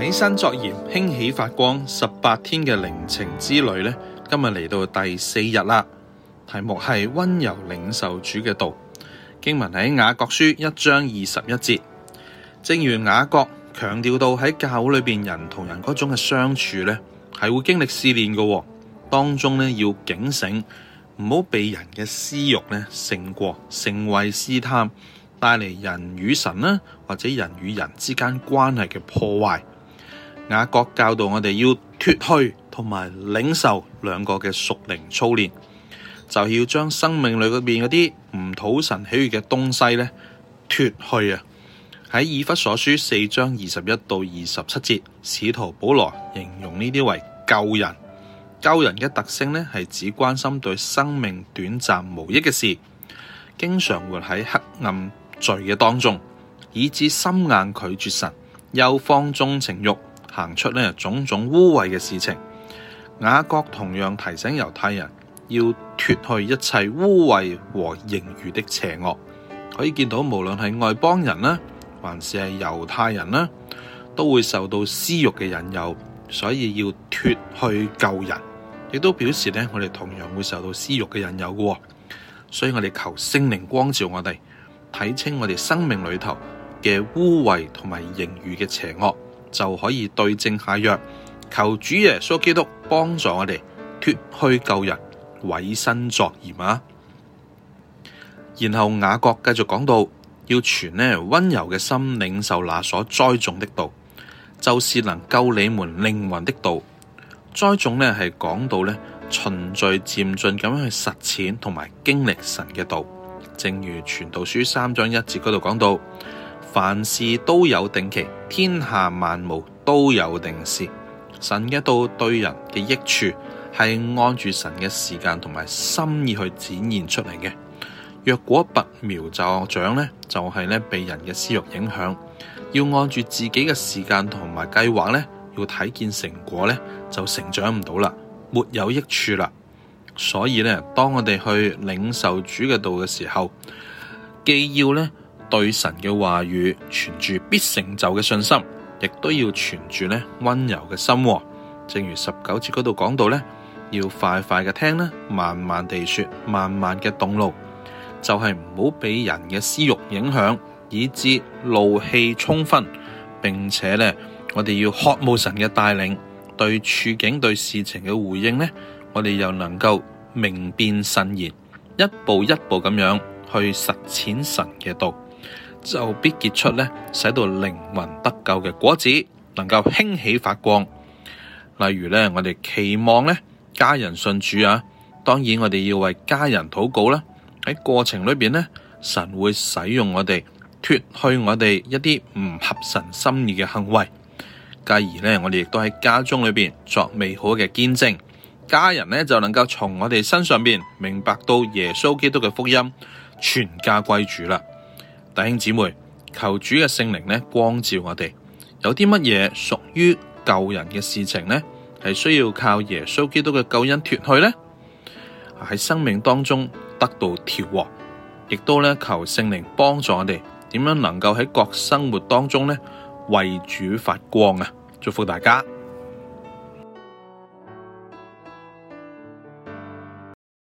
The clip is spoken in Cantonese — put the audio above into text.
委身作鹽，興起發光。十八天嘅靈情之旅呢，今日嚟到第四日啦。題目係溫柔領受主嘅道。經文喺雅各書一章二十一節，正如雅各強調到喺教裏邊人同人嗰種嘅相處咧，係會經歷試煉嘅，當中呢，要警醒，唔好被人嘅私慾咧勝過成為試探，帶嚟人與神呢，或者人與人之間關係嘅破壞。雅各教導我哋要脫去同埋領受兩個嘅屬靈操練，就要將生命裏邊嗰啲唔討神喜悅嘅東西咧脫去啊。喺以弗所書四章二十一到二十七節，使徒保羅形容呢啲為舊人。舊人嘅特性咧係只關心對生命短暫無益嘅事，經常活喺黑暗罪嘅當中，以致心硬拒絕神，又放縱情慾。行出咧種種污穢嘅事情，雅各同樣提醒猶太人要脱去一切污穢和盈餘的邪惡。可以見到，無論係外邦人啦，還是係猶太人啦，都會受到私慾嘅引誘，所以要脱去舊人。亦都表示呢，我哋同樣會受到私慾嘅引誘嘅，所以我哋求聖靈光照我哋，睇清我哋生命裏頭嘅污穢同埋盈餘嘅邪惡。就可以對症下藥，求主耶穌基督幫助我哋脱去舊人，委身作鹽啊！然後雅各繼續講到，要存呢溫柔嘅心領受那所栽種的道，就是能救你們靈魂的道。栽種呢係講到呢循序漸進咁樣去實踐同埋經歷神嘅道，正如傳道書三章一節嗰度講到。凡事都有定期，天下萬務都有定時。神嘅道對人嘅益處係按住神嘅時間同埋心意去展現出嚟嘅。若果拔苗助長呢，就係呢被人嘅私慾影響，要按住自己嘅時間同埋計劃呢，要睇見成果呢，就成長唔到啦，沒有益處啦。所以呢，當我哋去領受主嘅道嘅時候，既要呢。對神嘅話語存住必成就嘅信心，亦都要存住咧溫柔嘅心。正如十九節嗰度講到咧，要快快嘅聽咧，慢慢地說，慢慢嘅動怒，就係唔好俾人嘅私慾影響，以致怒氣沖昏，並且咧我哋要渴慕神嘅帶領，對處境對事情嘅回應咧，我哋又能夠明辨慎言，一步一步咁樣去實踐神嘅道。就必結出咧，使到靈魂得救嘅果子，能夠興起發光。例如咧，我哋期望咧家人信主啊，當然我哋要為家人禱告啦、啊。喺過程裏邊咧，神會使用我哋脫去我哋一啲唔合神心意嘅行為，繼而咧我哋亦都喺家中裏邊作美好嘅見證，家人咧就能夠從我哋身上邊明白到耶穌基督嘅福音，全家歸主啦。弟兄姊妹，求主嘅聖靈呢光照我哋，有啲乜嘢屬於舊人嘅事情呢？係需要靠耶穌基督嘅救恩脱去呢？喺生命當中得到調和，亦都呢求聖靈幫助我哋，點樣能夠喺各生活當中呢為主發光啊！祝福大家。